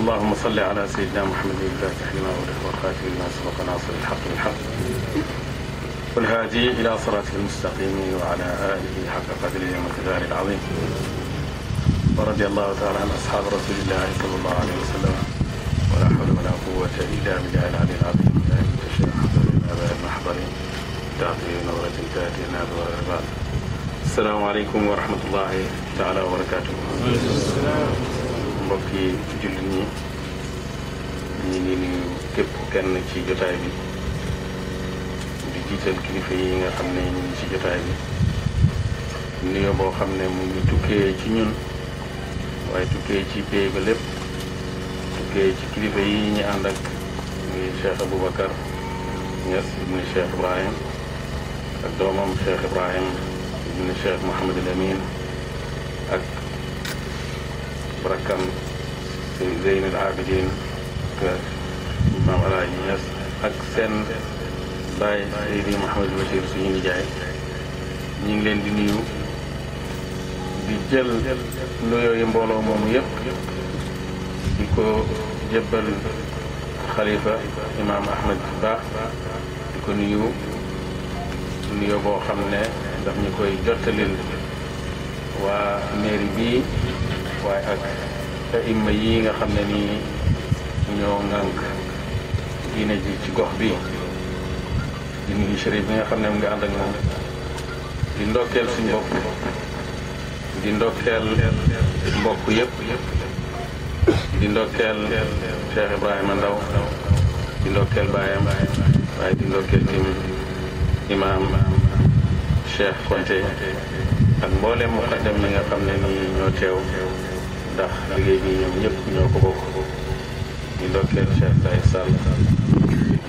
اللهم صل على سيدنا محمد الفاتح لما أغلق والخاتم لما سبق ناصر الحق بالحق والهادي إلى صراطه المستقيم وعلى آله حق قدره ومقداره العظيم ورضي الله تعالى عن أصحاب رسول الله صلى الله عليه وسلم ولا حول ولا قوة إلا بالله العلي العظيم لا ينتشر حضرين أباء المحضرين تعطي نورة تأتي نار السلام عليكم ورحمة الله تعالى وبركاته. mbokki jullit ñi ñu ngi képp kenn ci jotaay bi di jiital kilifa yi nga xam ne ñu ngi ci jotaay bi nuyoo boo xam ne mu ngi tukkee ci ñun waaye tukkee ci pay ba lépp tukkee ci kilifa yi ñu ànd ak muy Cheikh Aboubacar Niass ibni Cheikh Ibrahim ak doomam Cheikh Ibrahim ibni Cheikh Mouhamadul Amin ak rakkam sëriñ Zeynal Abidin que maam Alaaji Ñas ak seen baay Seydi Mouhamadou Bachir suñu nijaay ñu ngi leen di nuyu di jël nuyoo yi mbooloo moomu yëpp di ko jébbal xalifa imaam Ahmed Ba di ko nuyu nuyoo boo xam ne daf ñu koy jottalil waa mairie bii waaye ak te imma yi nga xam ne nii ñoo ŋànk diine ji ci gox bi di nuyu chérif bi nga xam ne mu ngi ànd ak moom di ndokkeel suñu bopp di ndokkeel mbokk yëpp di ndokkeel Cheikh Ndaw di ndokkeel baayam waaye di ndokkeel tim imaam Cheikh Konte ak mboolem muqaddam yi nga xam ne nii ñoo teew ndax liggéey bi ñoom ñëpp ñoo ko bokk ñu ndokkeel Cheikh Taye Sall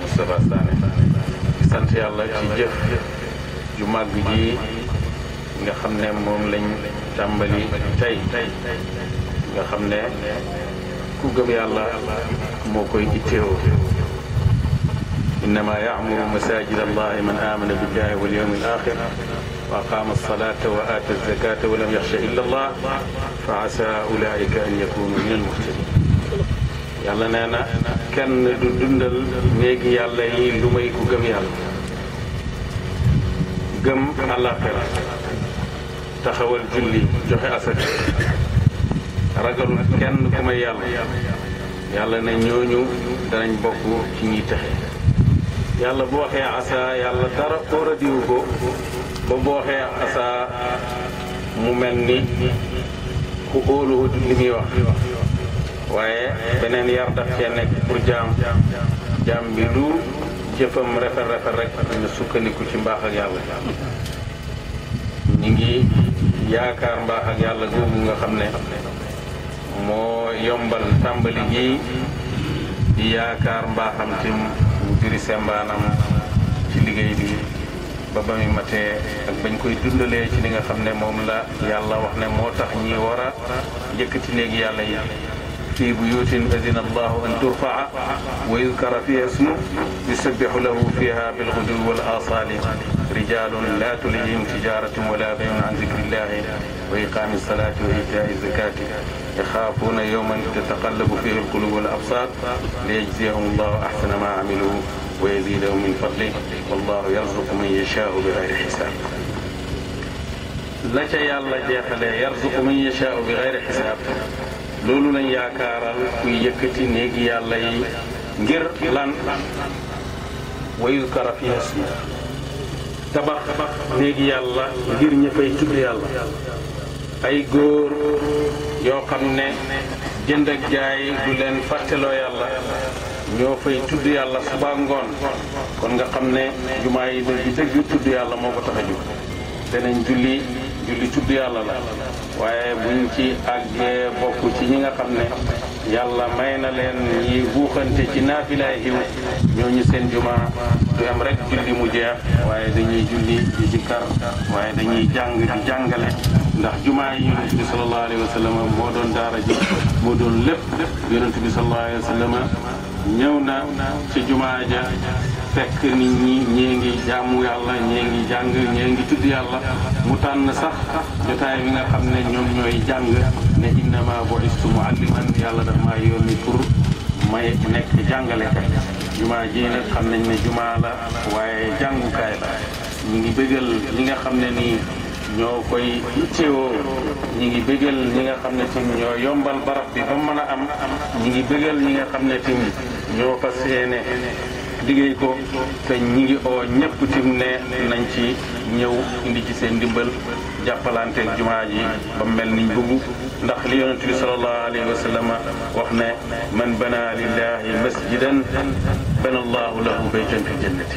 Moustapha sant yàlla ci jëf ju màgg ji nga xam ne moom lañ tàmbali tey nga xam ne ku gëm yàlla moo koy itteewoo إنما يعمر مساجد الله من آمن بالله واليوم الآخر وأقام الصلاة وآتى الزكاة ولم يخش إلا الله فعسى أولئك أن يكونوا من المهتدين yàlla nee na kenn du dundal néegi yàlla yi lu may ku gëm yàlla gëm àllaaxira taxawal julli joxe asaka ragalul kenn ku may yàlla yàlla ne ñooñu danañ bokk ci ñuy texe yàlla bu waxee asa yàlla dara kóor a ko ba bu waxee asa mu mel ni ku óoluwut li muy wax waaye beneen yar daf cee nekk pour jaam jaam bi lu jëfam rafet rafet rek na sukkandiku ci mbaax ak yàlla ñu ngi yaakaar mbaax ak yàlla googu nga xam ne moo yombal tàmbali gi di yaakaar mbaaxam ci diri sembaanam ci liggéey bi ba ba muy matee ak bañ koy dundalee ci li nga xam ne moom la yàlla wax ne moo tax ñi war a ci néeg yàlla yi fii buyutin adina allahu an turfaa wa yuzkara fiha ismu yusabbihu lahu fiha bilgudu wal asali rijalun la tulihim tijaratun wala bayun an zikrillahi wa iqami salati wa itai zakati yaxaafuuna yowman tataqallabu fihi alqulub wal absar liyajziyahum allahu ahsana ma amilu wa yazidahum min fadlih wallahu yarzuqu man yashaau bi gayri xisaab la ca yàlla jeexalee yarzuqu man yashaau bi gayri xisaab loolu lañ yaakaaral kuy yëkkati néegi yàlla yi ngir lan wa yuzkara fiha ismuhu tabax néegi yàlla ngir ña fay tudd yàlla ay góor yoo xam ne jënd ak jaay du leen fàtteloo yàlla ñoo fay tudd yàlla suba ngoon kon nga xam ne jumaa yi dëgg dëgg tudd yàlla moo ko tax a jóg danañ julli julli tudd yàlla la waaye buñ ci àggee bokk ci ñi nga xam ne yàlla may na leen ñi buuxante ci naafilaay xiw ñooñu seen juma du am rek julli mu jeex waaye dañuy julli di zikkar waaye dañuy jàng di jàngale ndax jumaa yi yonent bi sallallahu alayhi wa sallam moo doon daara ji moo doon lépp yonent bi sallallahu alayhi wa sallam ñëw na ci jumaa ja fekk nit ñi ngi jaamu yàlla ñii ngi jàng ñii ngi tudd yàlla mu tànn sax jotaay bi nga xam ne ñoom ñooy jàng ne innama bu'istu mu'alliman yàlla daf maa yónni pour may nekk jàngalekat jumaa ji nag xam nañ ne jumaa la waaye jàngukaay la ñu ngi bëggal li nga xam ne nii ñoo koy ittewoo ñi ngi bëggal ñi nga xam ne tim ñoo yombal barab bi ba mën a am ñi ngi bëggal ñi nga xam ne tim ñoo fas yéene liggéey ko te ñi ngi oo ñëpp tim ne nañ ci ñëw indi ci seen ndimbal jàppalante ak jumaa ji ba mel ni bëgg ndax li yonent bi sallallahu alayhi wa sallam wax ne man bana lillahi masjidan bana allahu lahu baytan fi jannati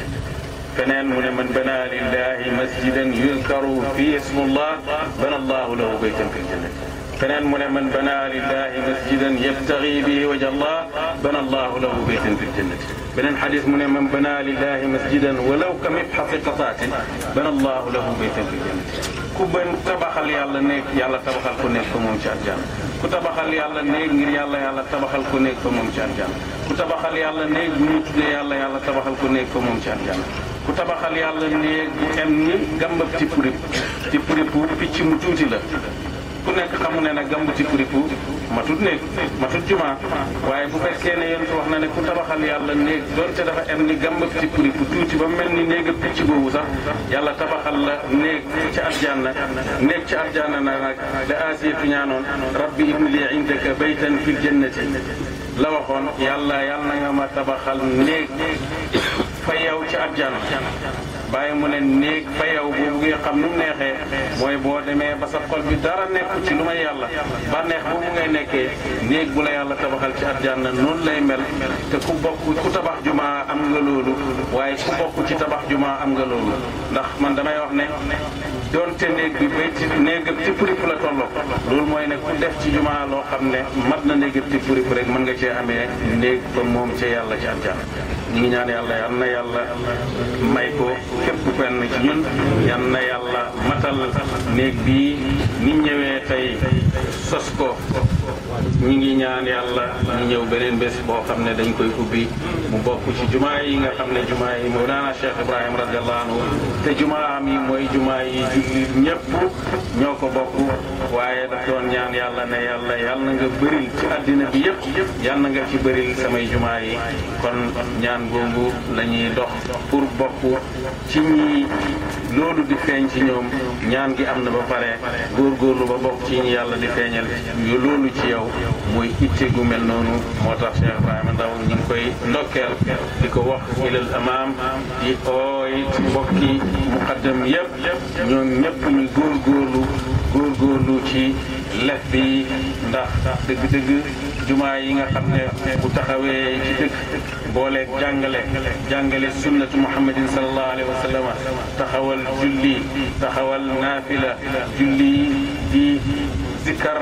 keneen mu ne man bana lillahi masjidan yuzkaru fi ismullah bana allahu lahu baytan fil jannati keneen mu ne man bana lillahi masjidan yabtaghi bihi wajha allah bana allahu lahu baytan fil jannati beneen xadis mu ne man bana lillahi masjidan walaw ka mibxati qataatin bana allahu lahu baytan fil jannati ku bën tabaxal yàlla nekk yàlla tabaxal ko nekk ko moom ci àjjana ku tabaxal yàlla néeg ngir yàlla yàlla tabaxal ko nekk ko moom ci àjjana ku tabaxal yàlla néeg bu ñu tuddee yàlla yàlla tabaxal ko nekk ko moom ci àjjana ku tabaxal yàlla néeg bu em ni gàmbab ci purip ci puripu picc mu tuuti la ku nekk xamu ne na gàmb ci puripu matut néeg matut jumaa waaye bu fekkee ne yontu wax na ne ku tabaxal yàlla néeg donte dafa em ni gamba ci puripu tuuti ba mel ni néega picc boobu sax yàlla tabaxal la néeg ci arjanna néeg ci arjanna na nag la asiyatu ñaanoon rabbi ibni li indaka baytan fil jannati la waxoon yàlla yàlla na nga ma tabaxal néeg fa yaw ci àjjana bàyyi mu ne néeg fa yow boobu nga xam nu mu neexee mooy boo demee ba sa xol bi dara nekk ci lu may yàlla ba neex boobu ngay nekkee néeg bu la yàlla tabaxal ci na noonu lay mel te ku bokk ku tabax jumaa am nga loolu waaye ku bokk ci tabax jumaa am nga loolu ndax man damay wax ne donte néeg bi béyti néegam ci purifu la tolloo loolu mooy ne ku def ci jumaa loo xam ne mat na néegam ci purifu rek mën nga cee amee néeg ba moom ce yàlla jaan àjjana ñu yàlla yal na yàlla may ko képp kenn ci ñun yal na yàlla matal néeg bi ni ñëwee tey sos ko ñi ngi ñaan yàlla ñu ñëw beneen bés boo xam ne dañ koy ubbi mu bokk ci jumaa yi nga xam ne jumaa yi moo naana Cheikh Ibrahima radiallahu anhu te jumaa am yi mooy jumaa yi jullit ñëpp ñoo ko bokk waaye daf doon ñaan yàlla ne yàlla yàlla na nga bëril ci àddina bi yëpp yàlla nga ci bëril samay jumaa yi kon ñaan googu la ñuy dox pour bokk ci ñi loolu di feeñ ci ñoom ñaan gi am na ba pare góor góorgóorlu ba bokk ci ñi yàlla di feeñal loolu ci yow mooy itte gu mel noonu moo tax Cheikh Ibrahima Ndaw ñu koy ndokkeel di ko wax ilal amaam di ooy mbokki muqaddam yëpp ñoom ñëpp ñu góorgóorlu góorgóorlu ci lef bi ndax dëgg-dëgg jumaa yi nga xam ne bu taxawee ci dëkk booleeg jàngale jàngale sunnatu muhammadin sallallahu taxawal julli taxawal naafila julli di zikkar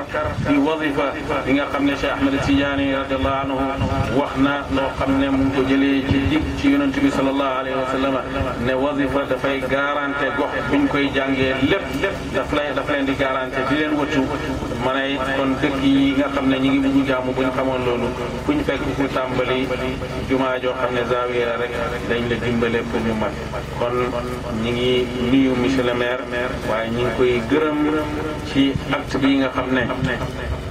di wazifa bi nga xam ne Cheikh Ahmed Tidiane radiallahu wax na loo xam ne mu ko jëlee ci jig ci yonent bi sallallahu alayhi wa sallam ne wazifa dafay garanté gox buñ koy jàngee lépp lépp daf leen di garante di leen wëccu ma ne kon dëkk yi nga xam ne ñi ngi buñu jaamu buñ xamoon loolu fuñ fekk ku tàmbali jumaa joo xam ne zaawiya la rek dañ la dimbale pour ñu mat kon ñi ngi nuyu monsieur le maire waaye ñi ngi koy gërëm ci acte bi nga xam nga xam ne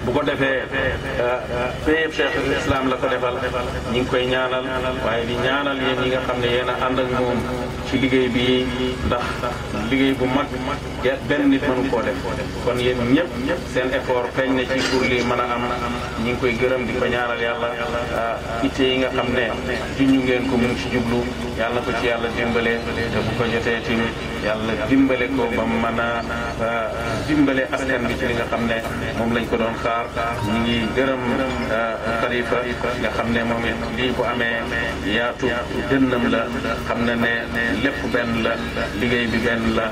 bu ko defee fépp eh, eh, cheikhul islam la ko defal ñi ngi koy ñaanal waaye di ñaanal yéen ñi nga xam ne yéen a ànd ak moom ci liggéey bi ndax liggéey bu mag benn nit mënu koo def kon yéen ñëpp seen effort feeñ na ci pour lii mën a am ñi ngi koy gërëm di ko ñaanal yàlla eh, itte yi nga xam ne juñu ngeen ko mu ngi ci jublu yàlla ko ci yàlla dimbale te bu ko jotee tim yàlla dimbale ko ba man a dimbale askan bi ci li nga xam ne moom lañ ko doon Mokhtar ñu ngi gërëm xalifa euh, euh, nga xam ne moom it lii bu amee yaatu dënnam la xam na ne lépp benn la liggéey bi benn la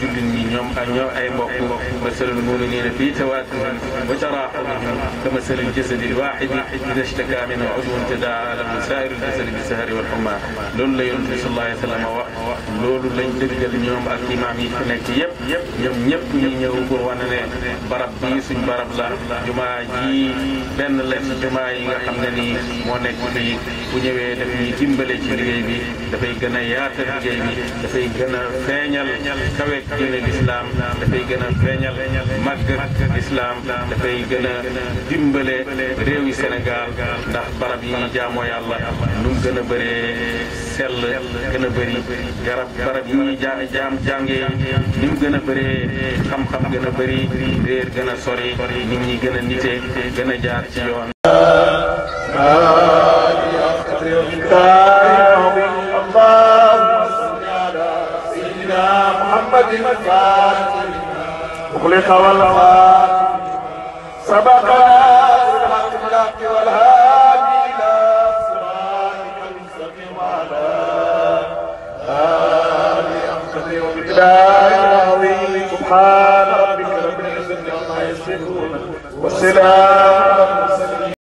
jullit ñi ñoom ak ñoo ay mbokk masalul muminina fii tawaatuhum wa taraaxumihim kama salil jasadi lwaahidi ida shtakaa minhu udwun tadaa lahu saairul jasadi bisahari wal xumma loolu la yonent bi sallallahu alayhi wa sallam wax loolu lañ dëggal ñoom ak imaam yi fi nekk yëpp ñoom ñëpp ñu ñëw pour wane ne barab bii suñ barab la jumaa yi benn la ci jumaa yi nga xam ne ni moo nekk fii bu ñëwee daf ñuy dimbale ci liggéey bi dafay gën a yaatal liggéey bi dafay gën a feeñal kaweeg diine lislaam dafay gën a feeñal màgg lislaam dafay gëna a réew réewi senegal ndax barab yi jaamoo yàlla nu mu a bëree sell gën a bëri garab barab yi ñuy jaam jàngee ni mu gën a bëree xam-xam gën a bëri réer gën sori nit ñi gën a nitee gën a jaar ci yoon أغلق والغار سبق الحق بالحق والهادي إلى صراطك المستقيم على آل أمسك وبالله العظيم سبحان والسلام